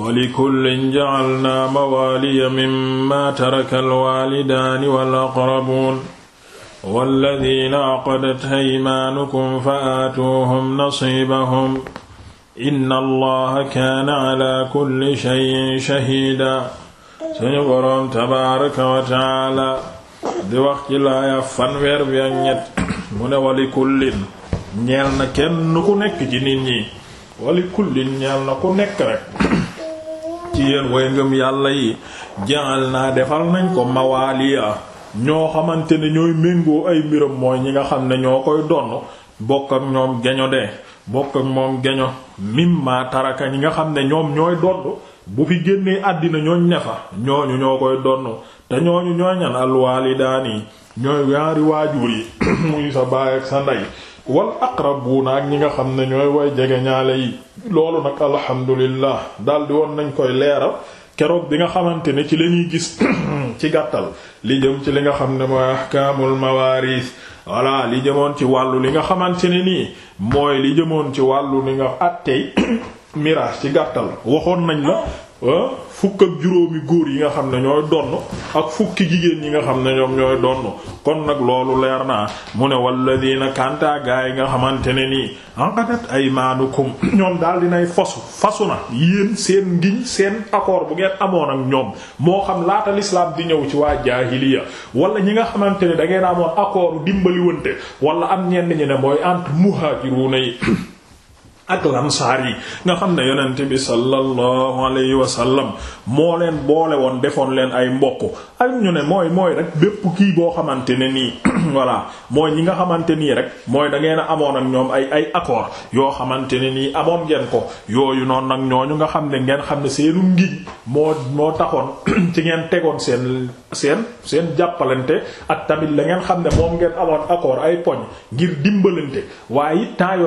walikullin jacalnaa mawaaliya mimma taraka alwaalidaani walaqrabuun walladiina aqadat haymaanukum fa aatuuhum nasiibahum inna allaha kaana calaa kulli shayin shahiida suñu boroom tabaaraka wa tacaala di wax ci laaya fanweer bi ak ñett mu ne walikullin ñeel na kenn ku nekk ci nit ñi walikullin ñeel na ku nekk rek ci yéen way ngëm yàlla yi jaal naa defal nañ ko mawaaliya ñoo xamante ne ñooy méngoo ay mbiram mooy ñi nga xam ne ñoo koy donn bokk ak ñoom geño de bokk ak moom geño mimma taraka ñi nga xam ne ñoom ñooy donn bu fi génnee àddina ñooñ ne fa ñooñu ñoo koy donn te ñooñu ñooñan alwaalidaani ñooy yaari waajur yi muy sa baay ak sa ndey wal aqrabuuna ak ñi nga xam ne ñooy way jege ñaale yi loolu nag alhamdulillah daldi woon nañ koy leeral keroog bi nga xamante ne ci la ñuy gis ci gàttal li jëm ci li nga xam ne mooy ahkaamul mawaaris voilà li jëmoon ci wàllu li nga xamante ne nii mooy li jëmoon ci wàllu li nga àttey miraas ci gàttal waxoon nañ la Ah, fukk juróomi góor yi nga xam ne ñooy donn ak fukki jigéen ñi nga xam ne ñoom ñooy donn kon nag loolu leer naa mu ne walladina kanta gaa yi nga xamante ne nii ay anqadat aymaanukum ñoom daal dinay fasu fasu na yéen seen ngiñ seen accord bu ngeen amoon ak ñoom moo xam laata l'islam di ñëw ci waa jaahiliya wala ñi nga xamante ne da ngeen amoon accord dimbali wante wala am ñenn ñi ne mooy entre muhajiruna yi ak lamsaar yi nga xam ne yonent bi sallallahu alayhi wa sallam moo leen boole woon defoon leen ay mbokk ak ñu ne mooy mooy rek bépp kii boo xamante ne nii voilà mooy ñi nga xamante nii rek mooy da ngeen a amoon ak ñoom ay ay accord yoo xamante ne nii amoon ngeen ko yooyu noonu nag ñooñu nga xam ne ngeen xam ne seenu ngiñ moo moo taxoon ci ngeen tegoon seen seen seen jàppalante ak tamit la ngeen xam ne moom ngeen amoon accord ay poñ ngir dimbalante waaye temps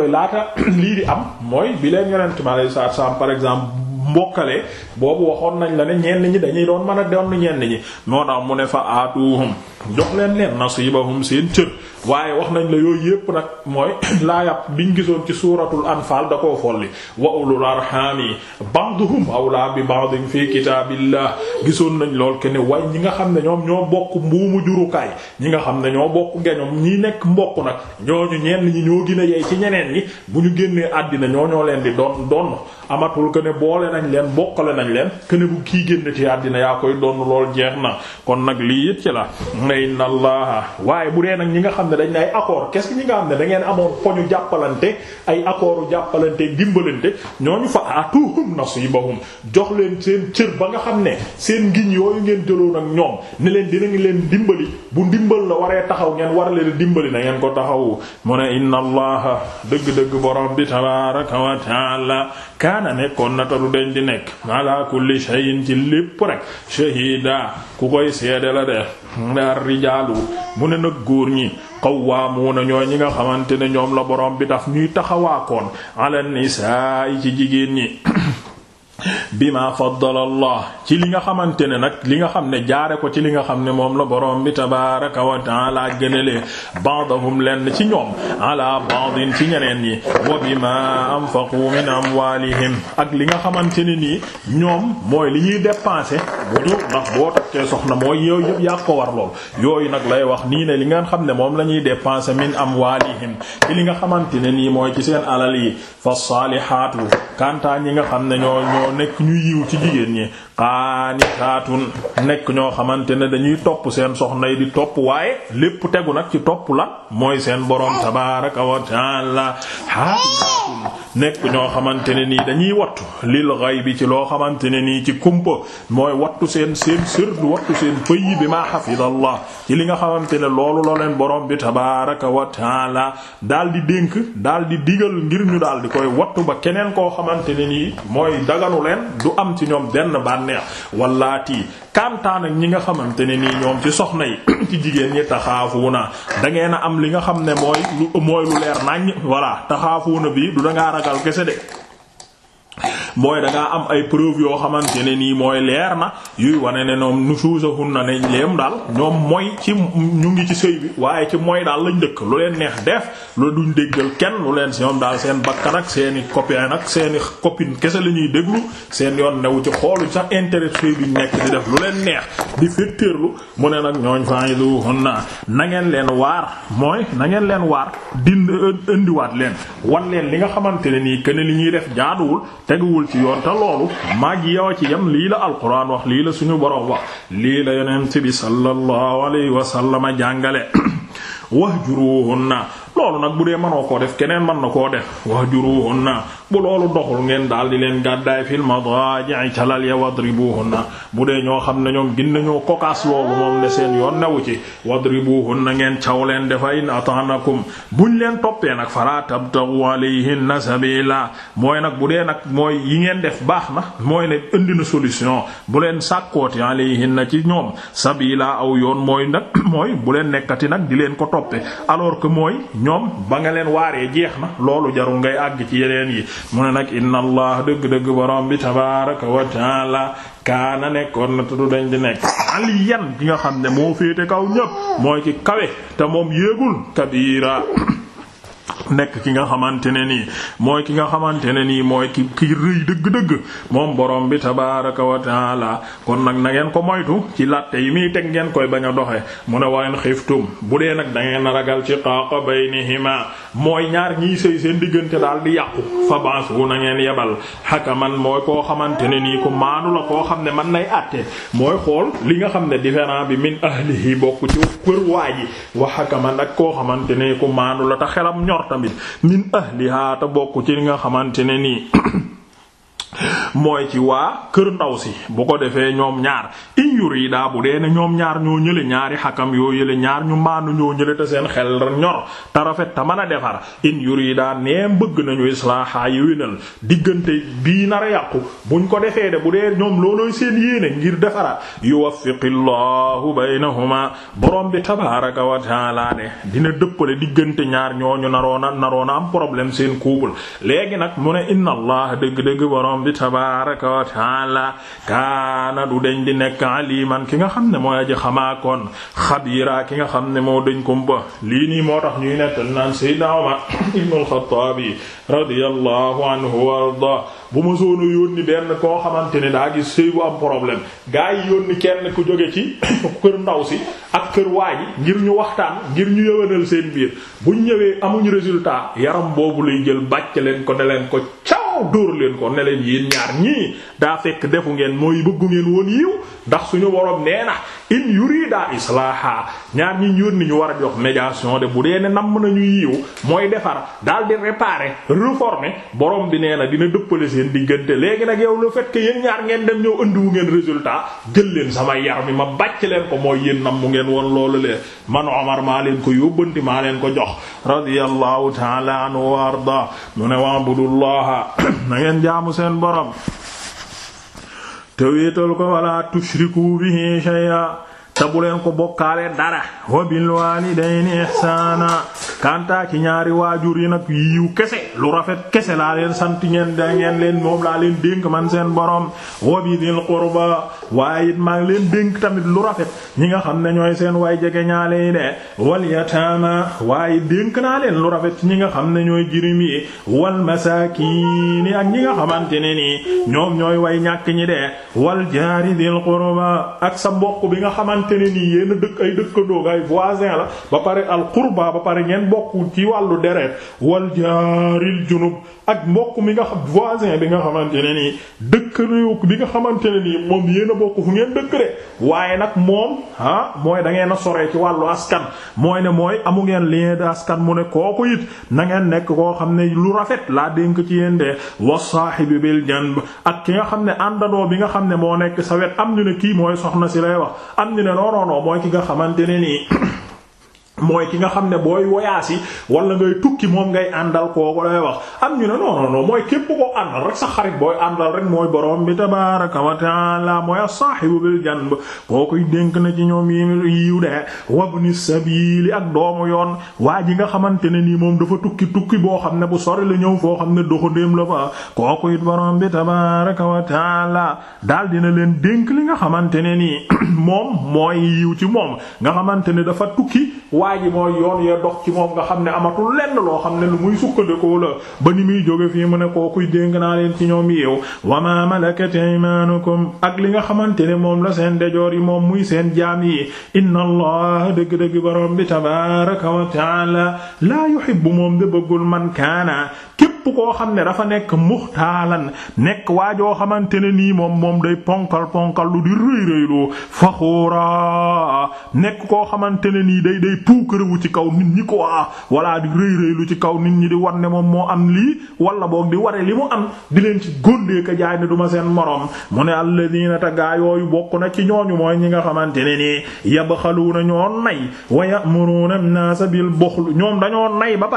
lii di am mooy bi leen yonent mi alayhi par exemple mbokkalee boobu waxoon nañ la ne ñenn ñi dañuy doon mën a doon ñenn ñi moo mu ne fa aatuhum jox leen leen nasibahum seen cër waaye wax nañ la yooyu yëpp nag mooy laayab biñ gisoon ci suuratul anfaal da koo folli wa ulul arhami ba'duhum awla bi ba'din fi kitaabillah gisoon nañ lool ke ne way ñi nga xam ne ñoom ñoo bokk mbuumu jurukaay ñi nga xam ne ñoo bokk geñom ñi nekk mbokk nag ñooñu ñenn ñi ñoo gën a yey ci ñeneen ñi bu ñu génnee àddina ñoo ñoo leen di doon doon amatul que ne boole nañ leen bokkale nañ leen que ne bu kii génn ci àddina yaa koy donn lool jeex na kon nag lii it ci la ne inna allah waaye bu dee nag ñi nga xam ne dañ ne ay accord qu'est-ce que ñi nga xam ne da ngeen amoon poñu jàppalante ay accordu jàppalante dimbalante ñooñu fa atuhum nasibahum jox leen seen cër ba nga xam ne seen ngiñ yooyu ngeen jëloon ak ñoom ni leen dinañ leen dimbali bu ndimbal la waree taxaw ngeen war leen dimbali na ngeen ko taxaw mu ne inna allah dëgg-dëgg kaana nekkoon natalu taru deñ di nekk ala kulli shay'in ci lépp rek shahida ku koy seede la de ndaar rijaalu mu ne nag góor ñi qawwaamuuna ñooy ñi nga xamante ne ñoom la boroom bi daf ñuy taxawaakoon ala nisaa yi ci jigéen ñi bima faddala allah ci li nga xamante ne nag li nga xam ne jaare ko ci li nga xam ne moom la borom bi tabaraka wa taala gënalee ba'dahum lenn ci ñoom ala ba'din ci ñeneen ñi wa bima anfaqu min amwalihim ak li nga xamante ne nii ñoom mooy li ñuy dépenser bu ñu ndax boo takkee soxna mooy yooyu yëpp yaa ko war lool yooyu nag lay wax nii ne li ngeen xam ne moom la ñuy dépenser min amwaalihim ci li nga xamante ne nii mooy ci seen alal yi fa saalihaatu kantaa ñi nga xam ne ñoo ñoo nekk ñu yiw ci jigéen ñi qaanitaatun nekk ñoo xamante ne dañuy topp seen soxna yi di topp waaye lépp tegu nag ci topp la mooy seen boroom tabaaraka wa taala nekk ñoo xamante ne nii dañuy wattu lil ghaybi ci loo xamante ne nii ci kumpa mooy wattu seen seen sir wattu seen pëyi bi ma hafidallah ci li nga xamante ne loolu loo leen borom bi tabaraka wa taala daal di dénk daal di digal ngir ñu daal di koy wattu ba keneen koo xamante ne nii mooy daganu leen du am ci ñoom benn bànneex wallaati kantaan ak ñi nga xamante ne nii ñoom ci soxna yi ci jigéen ñi taxaafuuna da am li nga xam ne mooy lu leer nañ voilà taxaafuuna du dangaa ragal kese de mooy da ngaa am ay preuve yoo xamante ne nii mooy leer na yuy wane ne ñoom na ne leem daal ñoom mooy ci ñu ngi ci sëy bi waaye ci mooy daal lañ dëkk lu leen neex def lu duñ déggal kenn lu leen ñoom daal seen bakkan ak seen i copain seen i kese la ñuy déglu seen yoon newu ci xoolu sax intérêt sëy bi nekk di def lu leen neex di féttéerlu mu ne nag ñooñ fa'iduhunna na ngeen leen waar mooy na ngeen leen waar dind indiwaat leen wan leen li nga xamante ne nii kenn li ñuy def jaaduwul teguwul teguwul ci yoon te loolu mag yow ci yam lii la alquran wax lii la suñu borom wax lii la yonent bi sallallahu alayhi wa sallam jàngale wahjuruhunna loolu nag bu dee mënoo koo def keneen mën na koo def bu loolu doxul ngeen daal di leen gàddaay fil madaaji ca lal ya na bu dee ñoo xam ne ñoom gin nañoo kokaas loolu moom ne seen yoon newu ci na ngeen caw leen dafa in atanakum buñ leen toppee nag yi tabtagu alayhinna sabila mooy nag bu dee nag mooy yi ngeen def baax na mooy ne indi na solution bu leen sàkkoot yi sàkkooti na ci ñoom sabila aw yoon mooy nag mooy bu leen nekkati nag di leen ko toppee alors que mooy ñoom ba nga leen waaree jeex na loolu jarul ngay àgg ci yeneen yi mu ne nag inna allah dëgg-dëgg borom bi tabaraka wa taala kaana nekkoon na tudd dañ di nekk aliyan ki nga xam ne moo féete kaw ñëpp mooy ki kawe te moom yéegul kabiira nekk ki nga xamante ne nii mooy ki nga xamante ne nii mooy ki ki rëy dëgg-dëgg moom borom bi tabaraka wa taala kon nag na ngeen ko moytu ci latte yi muy teg ngeen koy bañ a doxe mu ne wayen xiftum bu dee nag da ngeen ragal ci xaaqa baynihima mooy ñaar ñiy sëy seen diggante daal di yàqu fa bansu na ngeen yebal hakaman mooy koo xamante ne nii ku maanu la koo xam ne man nay àtte mooy xool li nga xam ne différent bi min ahlihi bokk ci kër waa ji tamit min ahliha ta bokk ci li nga xamante ne nii mooy ci waa kër ndaw si bu ko defee ñoom ñaar in yurida bu dee ne ñoom ñaar ñoo ñële ñaari xakam yoo yële ñaar ñu maandu ñoo ñële te seen xel ñor te rafet te mën a defar in yurida nee bëgg nañu islaaha yéwénal diggante bii nar a yàqu buñ ko defee de bu dee ñoom loolooy seen yéene ngir defaraat yuwaffiqillahu baynahuma borom bi tabaaraka wa taala de dina dëppale diggante ñaar ñooñu naroona naroona am problème seen couple léegi nag mu ne inna allah dëgg-dëgg borom borom bi tabaaraka wa taala kaana du deñ di nekk aliman ki nga xam ne mooy aji xamaakoon xabiira ki nga xam ne moo deñ kumba lii nii moo tax ñuy nettal naan Seydina Umar ibnul Xattaabi radiyallahu anhu wa arda bu ma soona yónni benn koo xamante ne daa gis sëy bu am problème gaa yi yónni kenn ku jóge ci kër ndaw si ak kër waa ngir ñu waxtaan ngir ñu yëwénal seen biir bu ñëwee amuñu résultat yaram boobu lay jël bàcc leen ko ne leen ko non dóor leen ko ne leen ñaar ñii daa fekk defu ngeen mooy bëggu ngeen woon yiw ndax suñu woroom nee na in yurida islaaha ñaar ñi yónni ñu war a jox médiation de bu dee ne namm nañu yiiw mooy defar daal di réparer réformer borom bi nee na dina dëppale seen diggante léegi nag yow le fait que yéen ñaar ngeen dem ñëw andiwu ngeen résultat jël leen sama yar mi ma bàcc leen ko mooy yéen namm ngeen woon loolu lee man Omar maa leen ko yóbbanti maa leen ko jox radiyallahu ta'ala anhu wa arda mu ne wa'budullaha na ngeen jaamu seen borom te wéetal ko wala tushriku bihi shay'a da bu leen ko bokkaale dara wa bil walidayni ihsana kanta ci ñaari waajur yi nag yiw kese lu rafet kese laa leen sant ngeen da ngeen leen moom laa leen dénk man seen borom wa bi dil qurba waaye it maa ngi leen dénk tamit lu rafet ñi nga xam ne ñooy seen way jege ñaale yi de wal yataama waaye dénk naa leen lu rafet ci ñi nga xam ne ñooy jirim yi wal masaakiini ak ñi nga xamante ne nii ñoom ñooy way ñàkk ñi de wal jaari dil qurba ak sa mbokk xamante ne nii yéen dëkk ay dëkkandoo ay voisin la ba pare al qurba ba pare ngeen bokk ci wàllu deret wal jaaril junub ak mbokk mi nga xam voisin bi nga xamante ne nii dëkk réew bi nga xamante ne nii moom yéen a bokk fu ngeen dëkk de waaye nag moom ah mooy da ngeen a soree ci wàllu askan mooy ne mooy amu ngeen lien d'askan mu ne kooku it na ngeen nekk koo xam ne lu rafet laa dénk ci yéen de wa saahibi bil ak ki nga xam ne àndandoo bi nga xam ne moo nekk sawet am ñu ne kii mooy soxna si lay wax ne mooy ki nga xamante ne nii mooy ki nga xam ne booy voyage yi wala ngay tukki moom ngay àndal kooku lay wax am ñu ne non non non mooy képp koo àndal rek sa xarit booy àndal rek mooy borom bi tabaaraka wa taala mooy as-saahibu bil janb kookuy dénk na ci ñoom yi yiw de wabni sabiili ak doomu yoon waa ji nga xamante ne nii moom dafa tukki tukki boo xam ne bu sori la ñëw foo xam ne doxandéem la fa kooku it borom bi tabaaraka wa taala daal dina leen dénk li nga xamante ne nii moom mooy yiw ci moom nga xamante ne dafa tukki waa waa ji mooy yoon yee dox ci moom nga xam ne amatul lenn loo xam ne lu muy sukkandikoo la ba ni muy jóge fii mu ne kookuy dénk naa leen ci ñoom yeew wa ma malakat aymanukum ak li nga xamante ne moom la seen dejoor yi moom muy seen jaam yi inna allah dëgg-dëgg borom bi tabaraka wa taala laa yuhibbu moom de bëggul man kaana képp koo xam ne dafa nekk muxtaalan nekk waajoo xamante ne nii moom moom day ponkal ponkal lu di rëy rëyloo faxuura nekk koo xamante ne nii day day puukarewu ci kaw nit ñi ko ah walla di rëy rëylu ci kaw nit ñi di war ne moom moo am lii wala boog di waree li mu am di leen ci góndee ka jaay ne duma seen moroom mu ne alladina te gaa yooyu bokk na ci ñooñu mooy ñi nga xamante ne nii yabxaluuna ñoo nay wa ya'muruna an-nas bil bukhl ñoom dañoo nay ba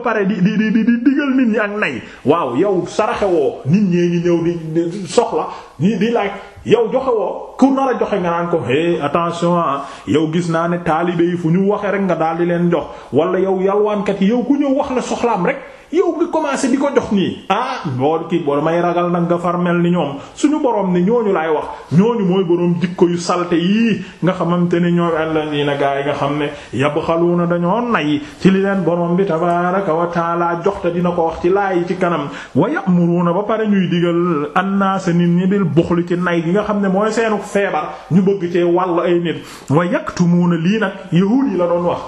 pare di di di di digal nit ñi ak nay waaw yow saraxewoo nit ñee ngi ñëw di soxla ñi di laaj yow joxe woo ku nar a joxe nga naan ko hé attention ah yow gis naa ne taalibe yi fu ñu waxee rek nga daal di leen jox walla yow yalwaankat yi yow ku ñëw wax la soxlaam rek. yow bi commencé bi ko jox nii ah boo ki boo may ragal nag nga far mel ni ñoom suñu borom ne ñooñu laay wax ñooñu mooy borom jikko yu salte yii nga xamante ne ñoom alladina gaa yi nga xam ne yabxaluuna dañoo nay ci li leen borom bi tabaaraka wa taala jox te dina ko wax ci laay ci kanam wa ya'muruuna ba pare ñuy digal annaasa nit ñi bil buxli ci nay gi nga xam ne mooy seenu feebar ñu bëgg cee wàll ay nit wa yaktumuuna lii nag yahuud yi la doon wax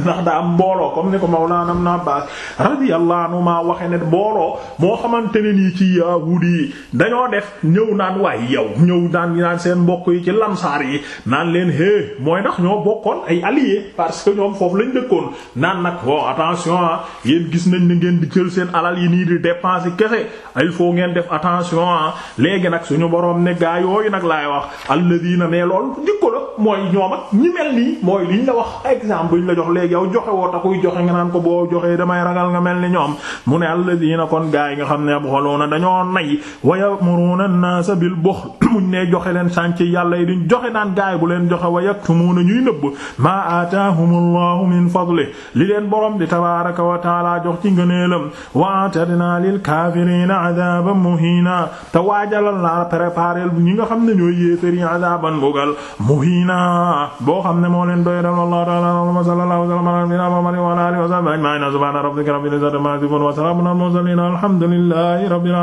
ndax daa am mbooloo comme ni ko Mawlana Ibn Abbas radiyallahu anhu maa waxe ne mbooloo moo xamante ne nii ci yahuudi yi dañoo def ñëw naan waaye yow ñëw daan seen mbokk yi ci lamsaar yi naan leen hé mooy ndax ñoo bokkoon ay alliés parce que ñoom foofu lañ dëkkoon naan nag bon attention ah gis nañ ni ngeen di jël seen alal yi nii di dépenser kese il faut ngeen def attention ah léegi nag suñu borom ne gaa yooyu nag laay wax alladina ne lool jikko la léeg yow joxe woo taxuy joxe nga naan ko boo joxee damay ragal nga mel ni ñoom mu ne alladina kon gaa yi nga xam ne yabxaluuna dañoo nay wa ya'muruna an-naasa bil buxl muñ ne joxe leen sànc yàlla yi duñ joxe naan gaay bu leen joxe wa yaktumuuna ñuy nëbb maa aataahumullahu min fadli li leen borom di tabaaraka wa taala jox ci ngëneelam wa atadna lil kaafiriina adaaban muhiina te waajalal la préparer ñi nga xam ne ñooy yéefari adaaban bugal muhiina wa sallam